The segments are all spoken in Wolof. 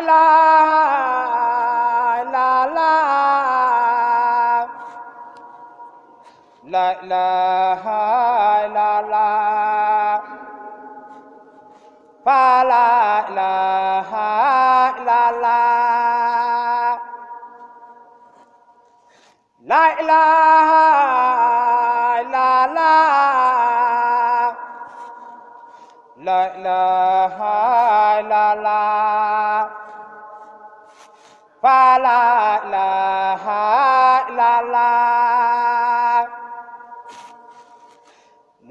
la la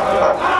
Hallelujah.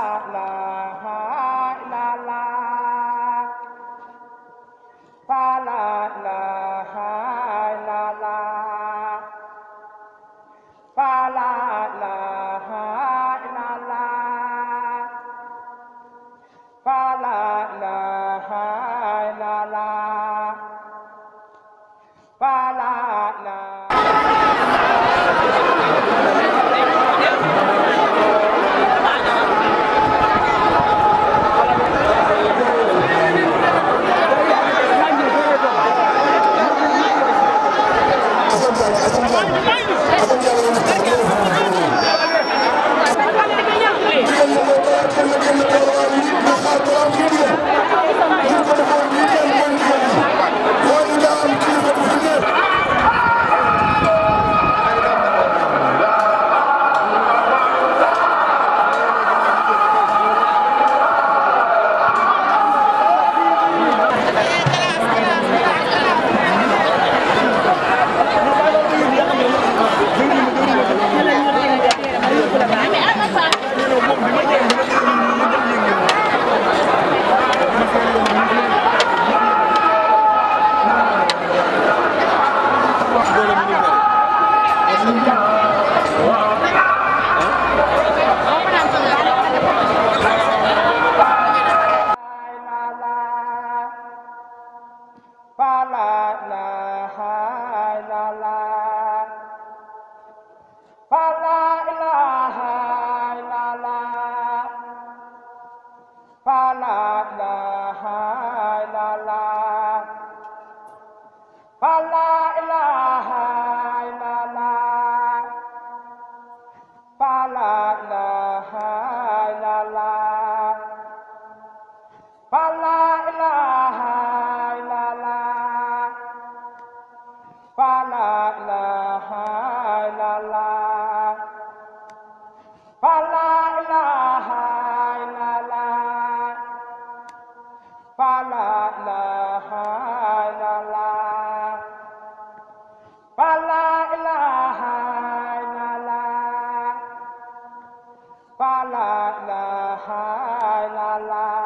fa la ilaha illallah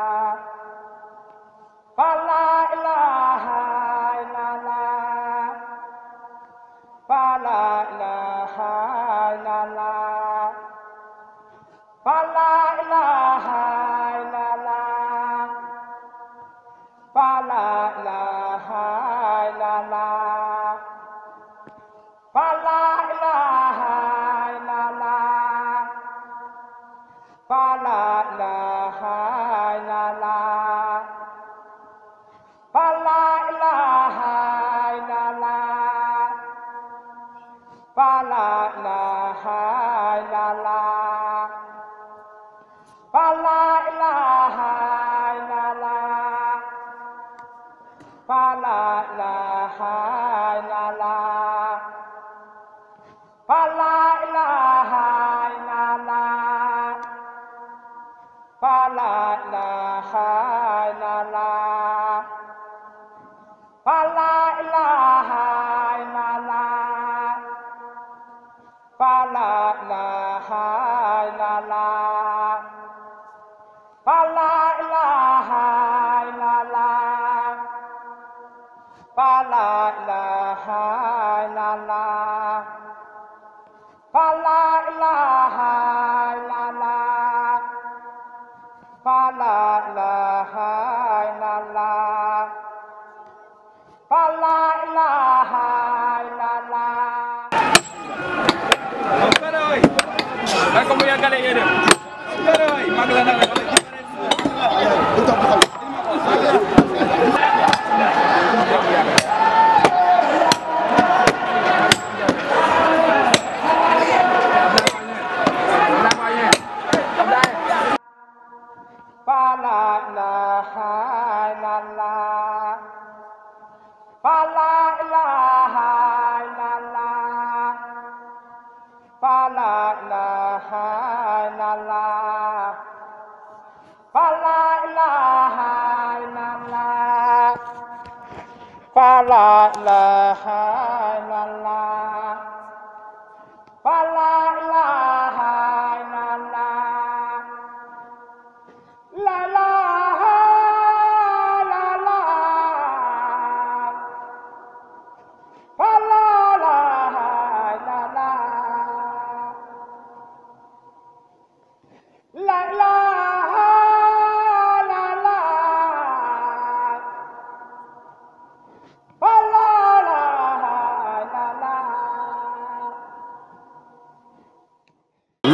fa la la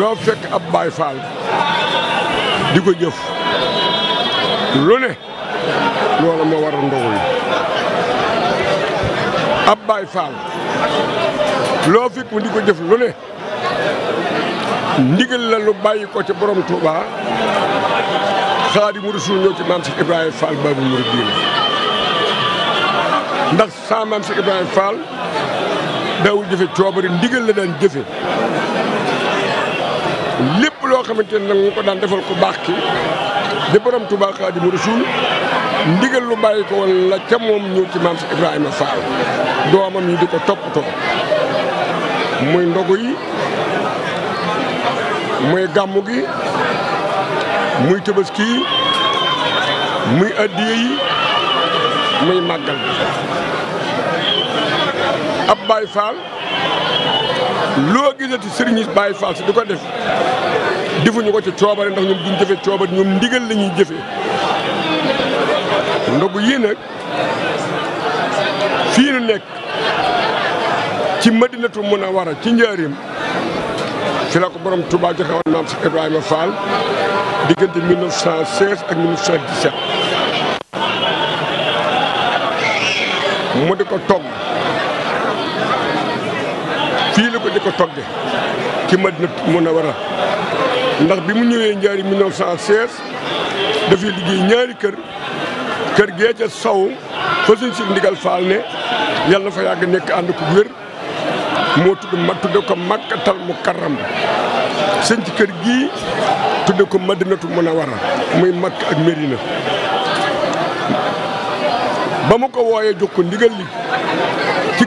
loo fekk ab baay faal di ko jëf lu ne loolu moo war a ndogu yi ab baay faal loo fekk mu di ko jëf lu ne ndigal la lu bàyyi ko ci borom Touba Xaadimu Rasuul ñëw ci maam si Ibrahima Fall Baabul Muridiina ndax saa maam si Ibrahima Fall daawul jëfe coobari ndigal la daan jëfe lépp loo xamante ne mu ko daan defal ku baax ki di borom Tuubaa Xaadimu Rasuul ndigal lu bàyyi ko woon la ca moom ñëw ci maam si Ibrahima Fall doomam yi di ko toppatoo muy ndogu yi muy gàmmu gi muy tabaski yi muy addiye yi muy màggal ab Baay Fall loo gisati sëriñ Baye Fall si di ko def defuñu ko ci coobare ndax ñoom duñ jëfe coobare ñoom ndigal la ñuy jëfee ndogu yii nag fii nu nekk ci madinatu munawara ci njaarim fi la ko borom Touba joxe woon maam Cheikh Ibrahima Fall diggante 1916 ak di 1917 mu di ko togg fii la ko di ko togge ci Madina Munawara ndax bi mu ñëwee njaari 1916 dafay liggéey ñaari kër kër gee ca saw fa suñ si ndigal faal ne yàlla na fa yàgg nekk ànd ko wér moo tudd ma tudde ko makkatal mu karram sëñ ci kër gi tudde ko madinatu munawara muy makk ak medina ba mu ko wooyee jox ko ndigal li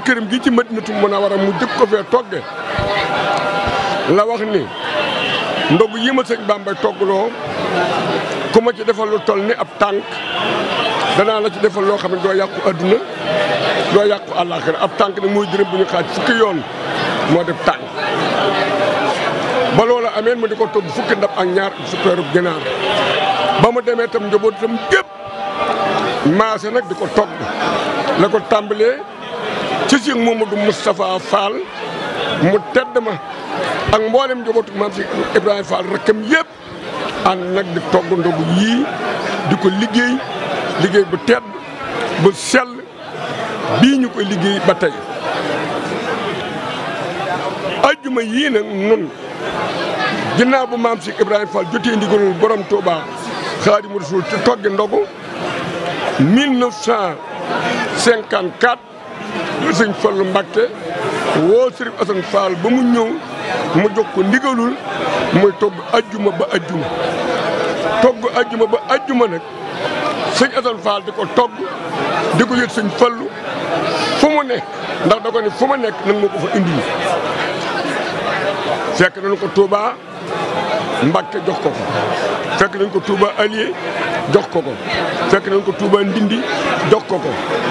këram gi ci Madinatul Munawwara mu jëkk ko fee togge la wax ni ndog yi ma sëñ Bamba toggloo ku ma ci defal lu toll ni ab tànk danaa la ci defal loo xam ne doo yàqu adduna doo yàqu àllaaxira ab tànk nag mooy dërëm bu ñu xaaj fukki yoon moo def tànk ba loola ameen mu di ko togg fukki ndab ak ñaar fukki weerub ginaar ba mu demee tam njabootam gépp maase nag di ko togg la ko tàmbalee ci Cheikh Mamadou Moustapha Fall mu tedd ma ak mboolem njabootu maam si Ibrahima Fall rakkam yëpp ànd nag di togg ndogu yii di ko liggéey liggéey bu tedd bu sell bii ñu koy liggéey ba tey ajjuma yii nag nun ginnaaw bu maam si Ibrahima Fall jotee ndigalul borom Touba Xaadimu ci toggi ndogu 1954 sëñ Fallu Mbàkke woo Sëriñ Asan Fall ba mu ñëw mu jox ko ndigalul muy togg ajjuma ba ajjuma togg ajjuma ba ajjuma nag sëñ Asan Fall di ko togg di ko yët sëñ Fallu fu ne ndax da ko ma nekk nag moo ko fa indi fekk nañu ko Tuubaa Mbàkke jox ko ko fekk nañ ko tuuba Alié jox ko ko fekk nañ ko tuuba Ndindi jox ko ko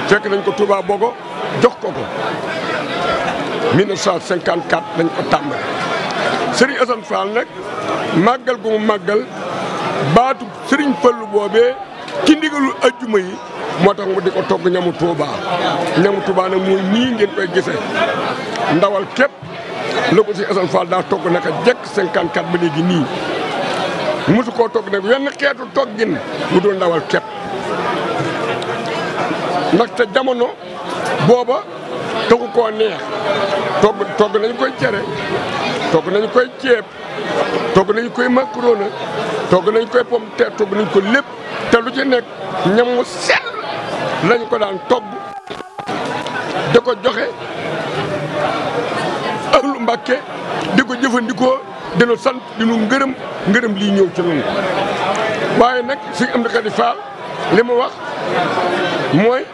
fekk nañ ko Touba Bogo jox ko ko 1954 lañ ko tàmbali Serigne Assane Fall nag màggal gu mu màggal baatu Serigne Fallu boobee ci ndigalu ajjuma yi moo tax mu di ko togg ñamu Touba ñamu Touba nag mooy nii ngeen koy gisee ndawal képp la ko si Assane Fall daa togg naka jekk 54 ba léegi nii mosu koo togg nag wenn xeetu toggin bu doon ndawal kepp ndaxte jamono booba togg koo neex togg togg nañu koy cere togg nañu koy ceeb togg nañu koy macaroni togg nañu koy pomme de terre togg nañu ko lépp te lu ci nekk ñam mu sell lañu ko daan togg da ko joxe Mbàkke di ko jëfandikoo dina sant dinu ngërëm ngërëm lii ñëw ci noonu waaye nag si am na Fall li ma wax mooy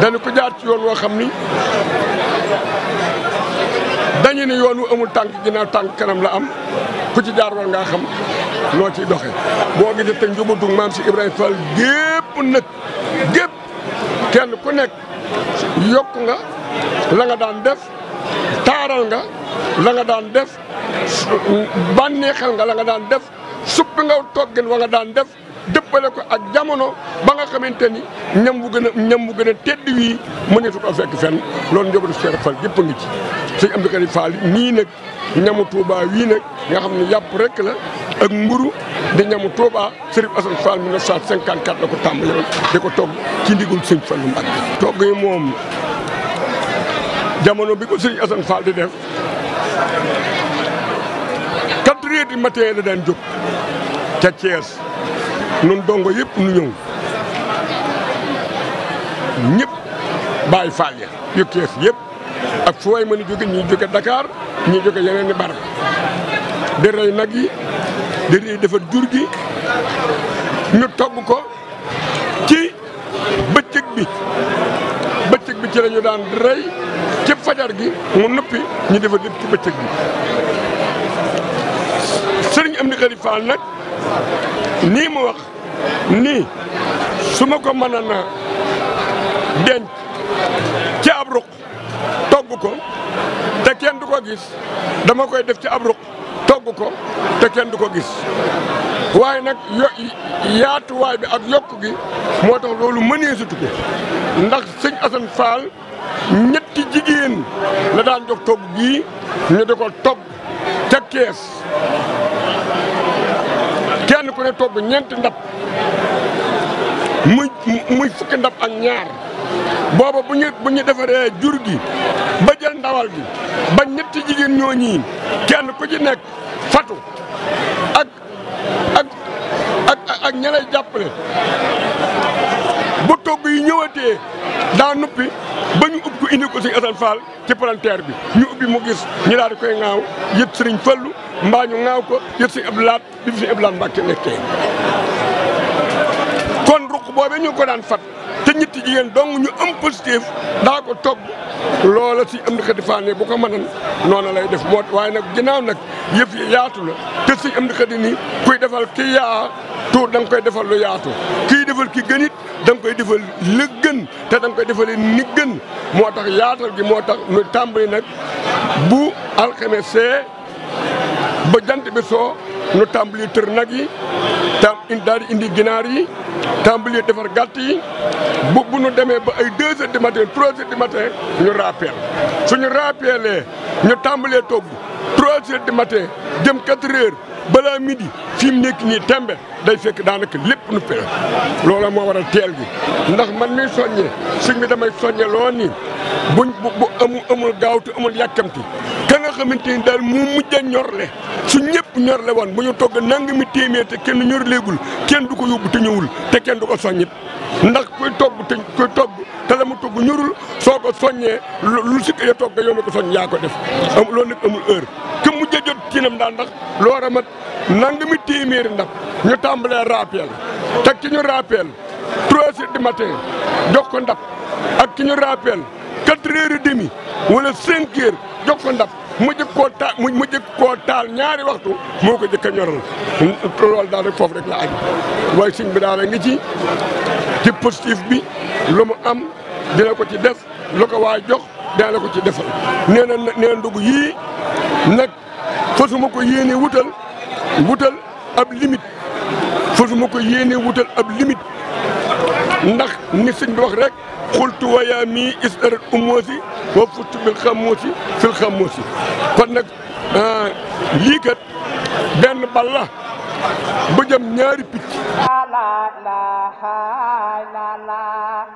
dañu ko jaar ci yoon woo xam ni dañu ne yoon wu amul tànk ginnaaw tànk kanam la am ku ci jaar war ngaa xam noo ciy doxe boo gisee te njubatu maam si Ibrahima Fall gépp nag gépp kenn ku nekk yokk nga la nga daan def taaral nga la nga daan def bànneexal nga la nga daan def suppi nga toggin wa nga daan def dëppale ko ak jamono ba nga xamante ni ñam bu gën a ñam bu gën a tedd wii mëneesu ko fekk fenn loolu njabootu Cheikh Fall yëpp ngi ci. sëñ Abdou Karim Fall nii nag ñamu Touba wii nag nga xam ne yàpp rek la ak mburu di ñamu Touba Serigne Assane Fall 1954 la ko tàmbale woon di ko togg ci ndigul sëñ Fallu Mbàkke togg yi moom jamono bi ko Serigne Assane Fall di def. quatre heures du matin la daan jóg ca Thiès nun dongo yëpp nu ñëw ñëpp bàyyi faal ya yu Thiès yëpp ak fu waay mën a jóge ñuy jóge Dakar ñuy jóge yeneen i barab di rey nag yi di rey defar jur gi ñu togg ko ci bëccëg bi bëccëg bi ci la ñu daan rey ci fajar gi mu noppi ñu defar lépp ci bëccëg bi sëriñ Amdi Khady Fall nag nii mu wax nii su ma ko mën a na ci ab ruq togg ko te kenn du ko gis dama koy def ci ab ruq togg ko te kenn du ko gis waaye nag yo yaatuwaay bi ak yokk gi moo tax loolu mënee ko ndax sëñ Assane Fall ñett jigéen la daan jox togg gii ñu di ko togg te kees kenn ku ne togg ñeenti ndab muy muy fukki ndab ak ñaar booba bu ñu defaree jur gi ba jël ndawal gi ba ñetti jigéen ñooñi kenn ku ci nekk fatu ak ak ak ak ña lay jàppale bu togg yi ñëwatee daa nuppi ba ñu ubbi ko indi ko si Assane Fall ci palanteer bi ñu ubbi mu gis ñu daal di koy ŋaaw yët sëriñ Fallu mbaa ñu ŋaaw ko yët sëñ Abdou Lahat bi fi sëñ Abdou Lahat Mbàkke nekkee kon ruq boobee ñu ko daan fat ñetti jigéen dong ñu am positif daa ko togg loola si am di xadi faane bu ko mënoon noonu lay def moo waaye nag ginnaaw nag yëf yi yaatu la te si am di xadi nii kuy defal ki yaa tuur da koy defal lu yaatu kii defal ki gën it da koy defal li gën te da koy defale ni gën moo tax yaatal gi moo tax ñu tàmbali nag bu alxames see ba jant bi soo nu tàmbali tër nag yi tam daal indi ginaar yi tàmbali defar gàtt yi bu bu demee ba ay deux heures du matin trois heures du su ñu rappel suñu ñu tàmbalee togg trois heures du matin jëm quatre heures balaa midi fi mu nekk nii tembe day fekk daanaka lépp nu péré loola moo waral teel gi ndax man miy soññee sëñ bi damay soññe loo nii buñ bu amul amul ti amul yàkkamti ka nga xamante ni daal mu mujj a ñorle su ñëpp ñorle woon bu ñu togg nangami téeméer te kenn ñorleegul kenn du ko yóbbu te ñëwul te kenn du ko soññit ndax kuy togg te kuy togg te la mu togg ñorul soo ko soññee lu si ya togg yow mi ko soññ yaa ko def am nag amul heure que mujj a jot ci nam nangami téeméeri ndab ñu tàmbalee rappel teg ci ñu rappel trois heures du matin jox ko ndab ak ki ñu rappel quatre heures et jox ko ndab mu jëkk koo taal ñaari waxtu moo ko jëkk a ñoral loolu daal rek foofu rek la aju waaye sëñ bi daal a ngi ci ci bi lu mu am dina ko ci def lu ko waay jox dina la ko ci defal nee na nee yii nag fasuma ko yéene wutal wutal ab limite fasu ma ko yéene wutal ab limite ndax ni sëñ bi wax rek xultu wayaa mii istarat umoosi wa futtu bil xamoosi fil xamoosi kon nag lii kat benn bal la ba jëm ñaari picc la la la la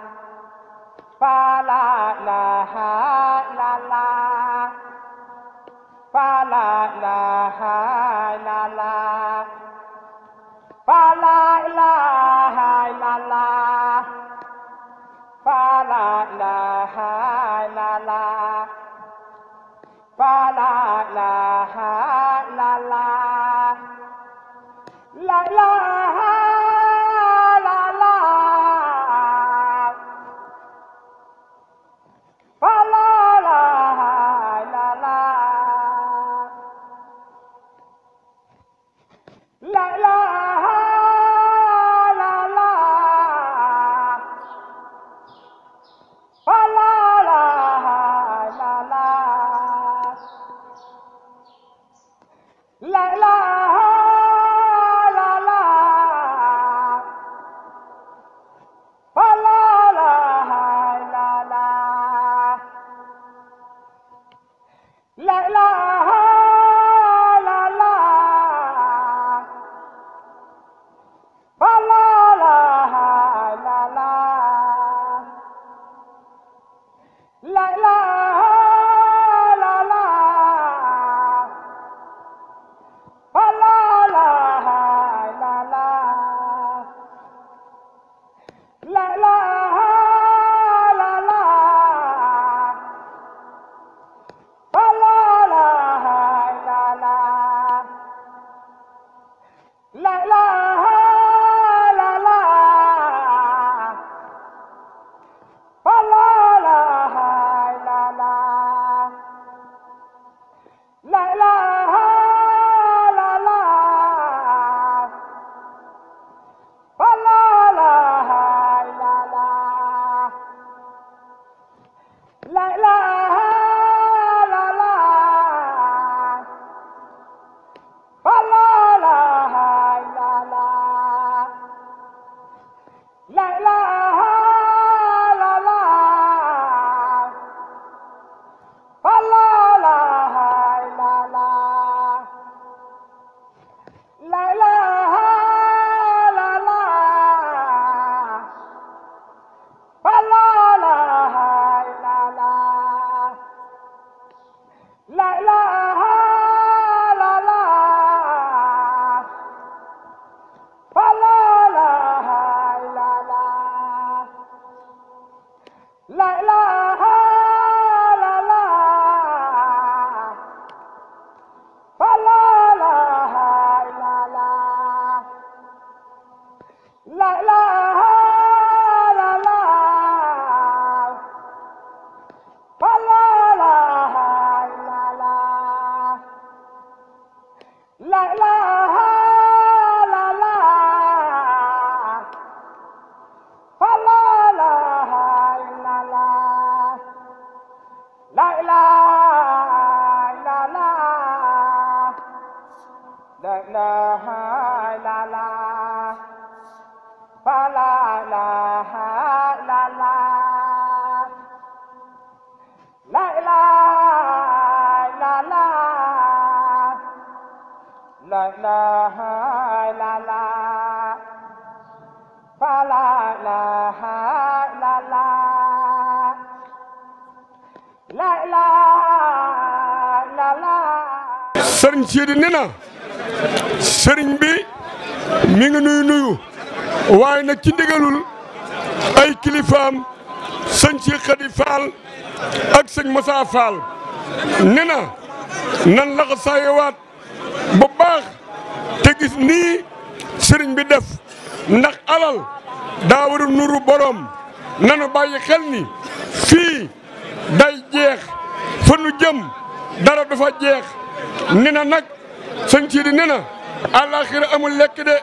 sëriñ bi mi ngi nuyu nuyu waaye nag ci ndigalul ay kilifaam sëñ Cheikh Khady Fall ak sëñ Moussa Fall nee na nan la ko saayewaat bu baax te gis nii sëriñ bi def ndax alal daa war a nuru borom nanu bàyyi xel ni fii day jeex fa nu jëm dara dafa jeex nee nag sëñ Sidi nee na àllaaxira amul lekk de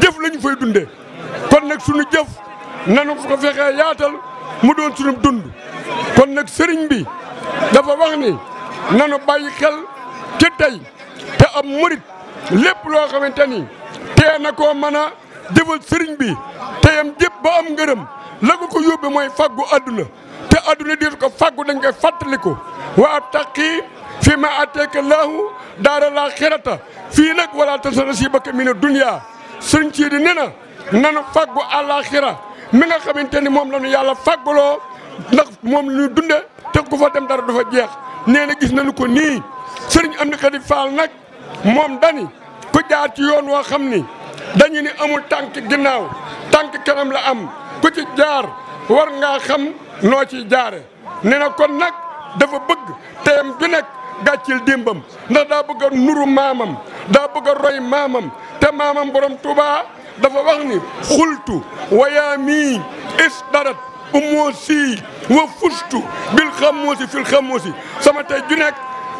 jëf lañu fay dunde kon nag sunu jëf nanu ko fexee yaatal mu doon sunu dund kon nag sëriñ bi dafa wax ni nanu bàyyi xel ci te am murit lépp loo xamante ni tee na koo mën a sëriñ bi teyam jëpp ba am ngërëm la ko ko yóbbe mooy fàggu àdduna te àdduna deetu ko faggu dañ koy fàttaliku waa ab taqi fi ma atteeka laahu daaral axirata fii nag wala tansa nasiibaka mina dunya sëriñ ci di ne na nanu faggu àllaaxira mi nga xaminte ni moom la yàlla fagguloo ndax moom la ñu dunde te ku fa dem dara du fa jeex nee na gis nañu ko nii sëriñ Amdi Xadi Faal nag moom dani ku jaar ci yoon woo xam ni dañu ni amul tànk ginnaaw tànk kanam la am ku ci jaar war ngaa xam noo ci jaare nee na kon nag dafa bëgg teyam ju nekk gatchil dimbam ndax da bëgg nuru mamam da bëgg roy mamam te mamam borom Touba dafa wax ni khultu wayaa mii is darat ummoosi wa fustu bil khamusi fil khamusi sama tay ju nek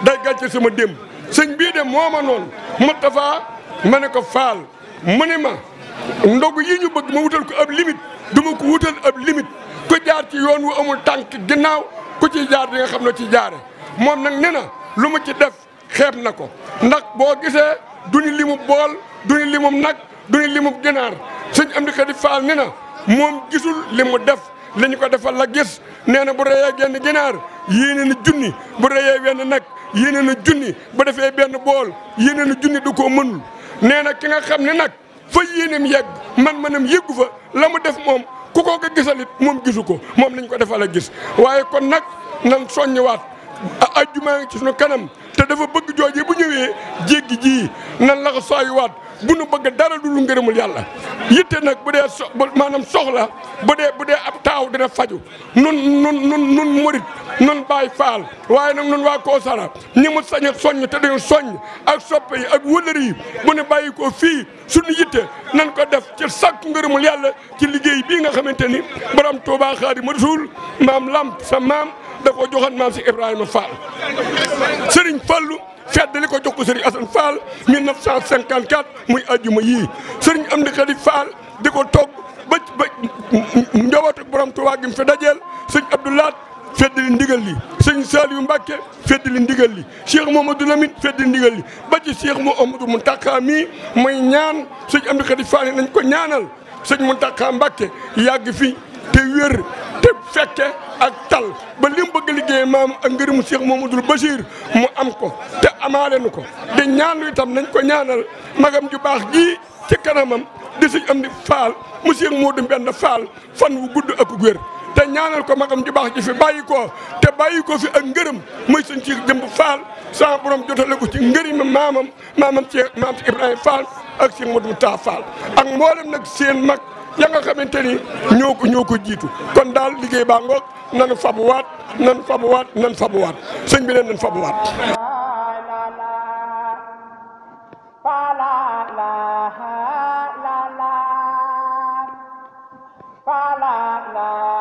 day gatchil sama dem sëñ bi de moma non mutafa ma ne ko faal mu ma ndogu yi ñu bëgg ma wutal ko ab limite duma ko wutal ab limite ko jaar ci yoon wu amul tànk ginaaw ku ci jaar di nga xam ci jaare mom nak neena lu mu ci def xeeb na ko ndax boo gisee duñu limu bool duñu limu nag duñu limu ginaar sëñ Amdi Xadi Faal ni na moom gisul li mu def li ko defal la gis nee na bu reyee genn ginaar yéene na junni bu reyee wenn nag yéene na junni bu defee benn bool yéene na junni du ko mënul nee na ki nga xam ne nag fa mu yegg man manam yeggu fa la mu def moom ku ko ko gisalit moom gisu ko moom lañ ko defal a gis waaye kon nag nan soññiwaat a ajjumaa ngi ci suñu kanam te dafa bëgg joojee bu ñëwee jéggi ji nan la ko saayuwaat bu nu bëgg dara du lu ngërëmul yàlla yitte nag bu dee so maanaam soxla bu dee bu dee ab taaw dina faju nun nun nun nun murit nun Baay Faal waaye nag nun waa Koosara ñi mu sañ a soññ te dañu soññ ak soppe yi ak wëllër yi bu ne bàyyi ko fii suñu yitte nan ko def ci sàkku ngërëmul yàlla ci liggéey bii nga xamante ni borom Tuubaa Xaadimu Rasuul maam lamp sa maam da koo joxoon maam si Ibrahima Fall Serigne Fallou fedd li ko jox ko Serigne Assane Fall 1954 muy ajjuma yii Serigne Amdi Khady Fall di ko togg ba ba njabootu borom Tuubaa gi mu fi dajeel sëñ Abdoulaat fedd li ndigal li sëñ Saliou Mbacke fedd li ndigal li Cheikh Mamadou Lamine fedd li ndigal li ba ci Cheikh Mouhamadou Mountakha mii mooy ñaan sëñ Amdi Khady Fall nañ ko ñaanal sëñ Mountakha Mbacke yàgg fi te fekke ak tal ba li mu bëgg liggéey maam ak ngërëmu Cheikh Mamadou Bachir mu am ko te amaale nu ko di ñaanu itam nañ ko ñaanal magam ju baax ji ci kanamam di sëñ am di faal mu Cheikh Modou benn faal fan wu gudd ak wér te ñaanal ko magam ju baax ji fi bàyyi ko te bàyyi ko fi ak ngërëm muy sëñ ci jëmb faal sa borom jotale ko ci ngërëm maamam maamam Cheikh maam Ibrahima faal ak Cheikh Modou Taa faal ak mboolem nag seen mag ya nga xamante ni ñoo ko ñoo ko jiitu kon daal liggéey baa ngoog nanu fabuwaat nan fabuwaat nan fabuwaat sëñ bi ne nan fabuwaat la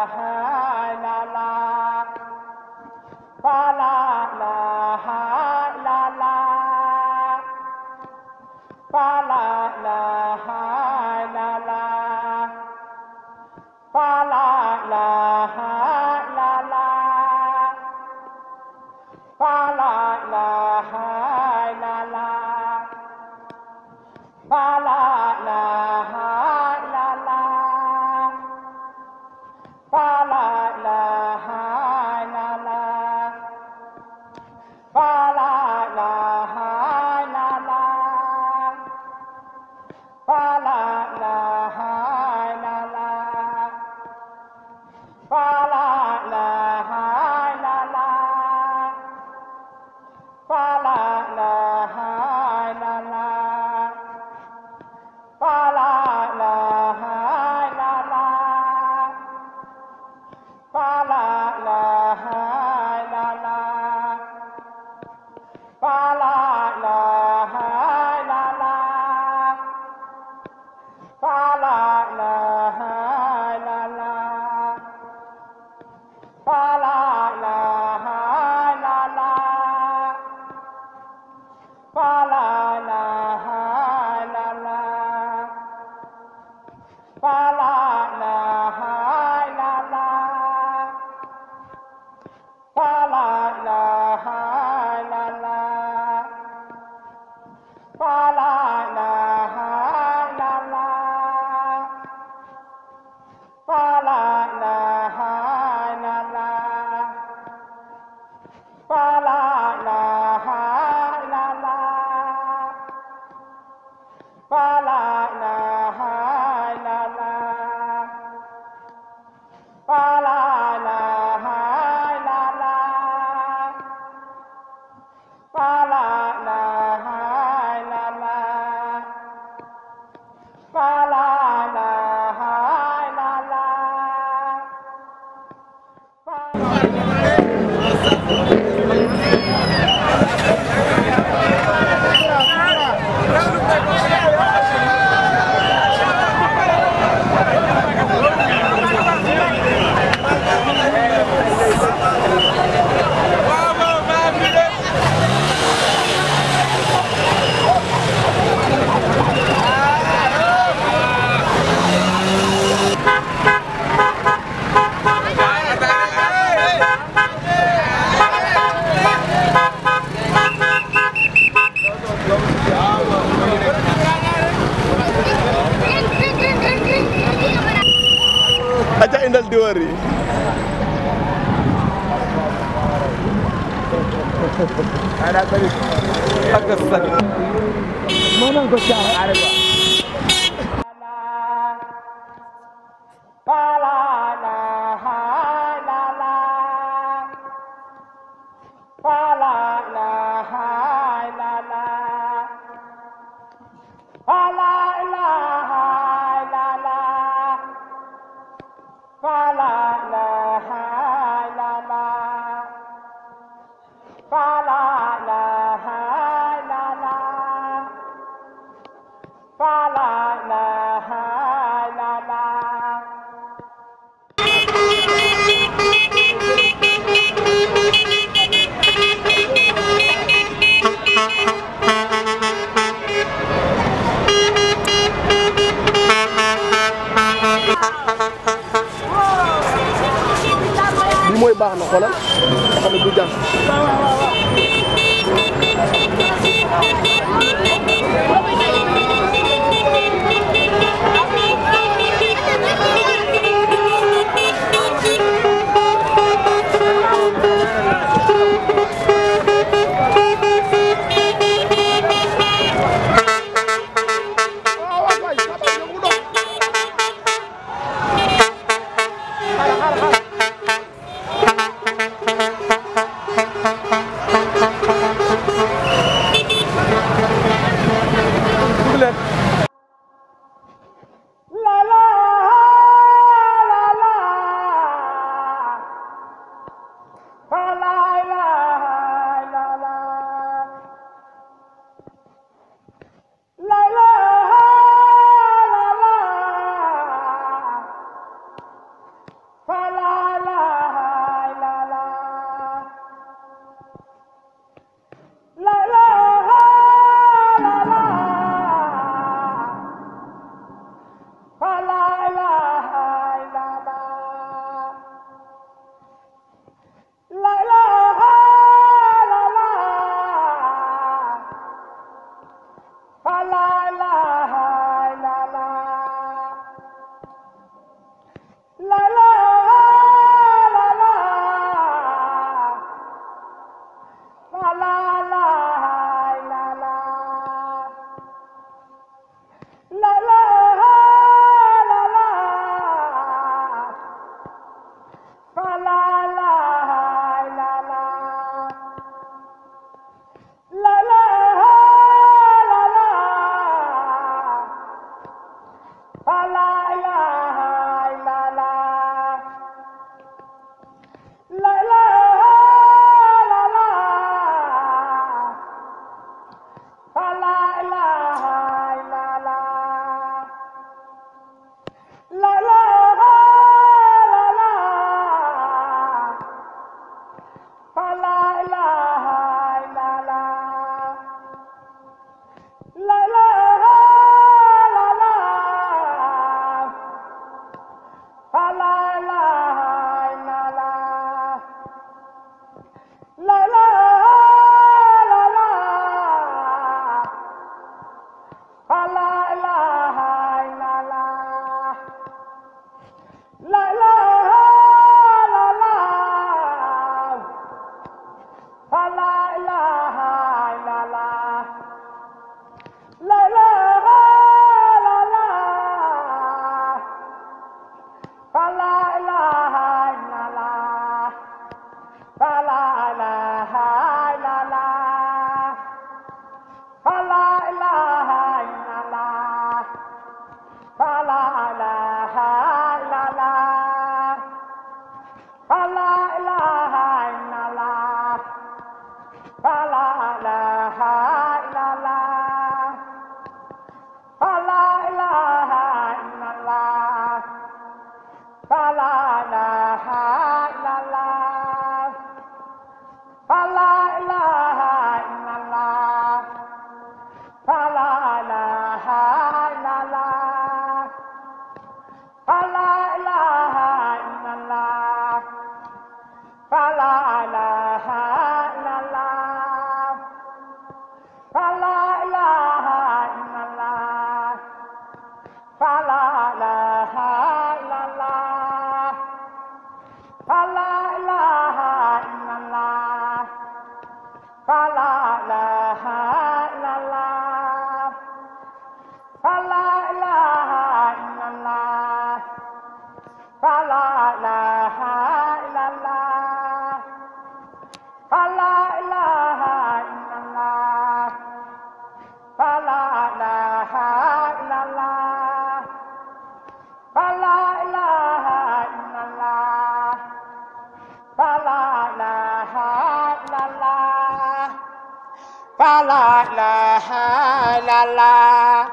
la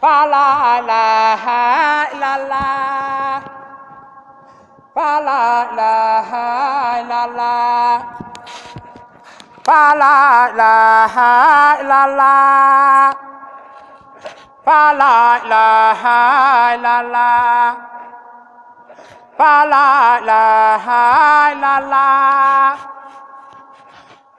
fa la ilaha illallah fa la ilaha illallah fa la ilaha illallah fa la ilaha illallah fa la ilaha illallah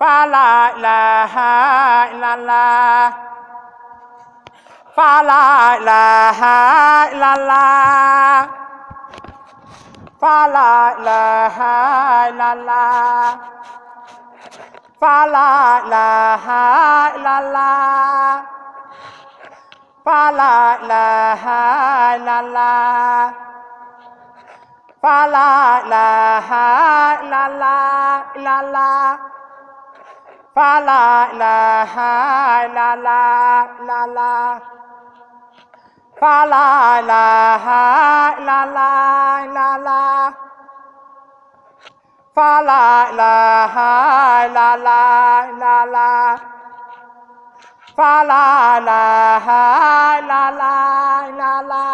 fa la ilaha la ilaha fa la la ha, la la la la fa la la ha, la la la la fa la la ha, la la la la fa la la ha, la la la la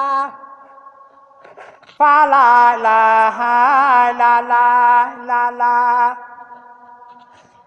fa la la ilaha la la la la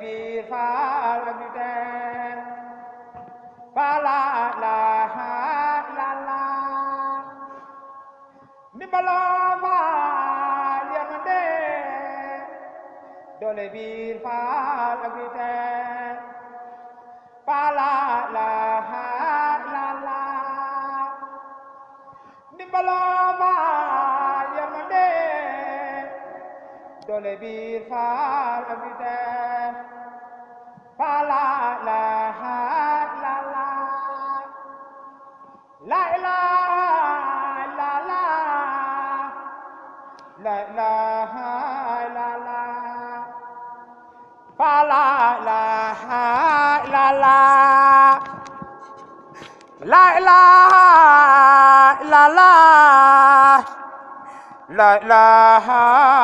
biir faal ak ñu teel fala la la la ndimbaloo faal ya ma dee doole biir faal ak ñu teel fala la la la ndimbaloo faal ya ma dee doole biir faal ak ñu teel la la la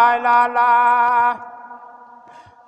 la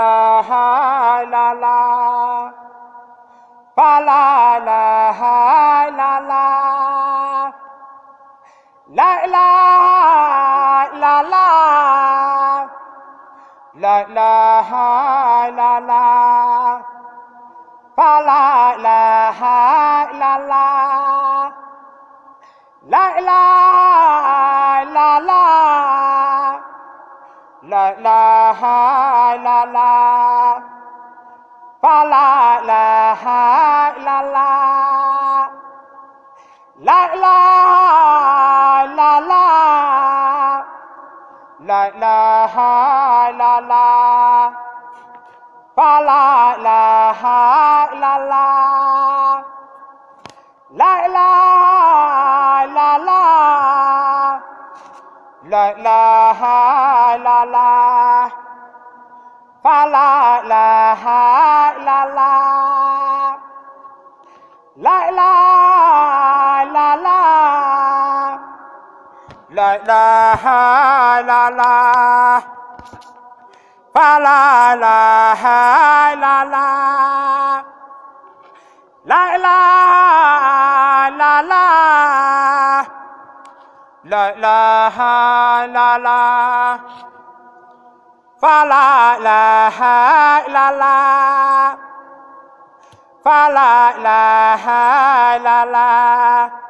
la ha la la pa la la ha la la la la la la la la ha la la pa la la ha la la la la la la la la ha la la la la la fa la la la la la la la la la la la la fa la la la la fa la la la la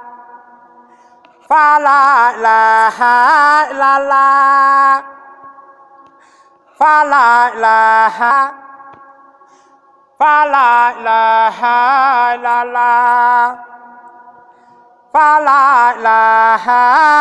فلا إله إلا الله فلا إله فلا إله إلا الله فلا إله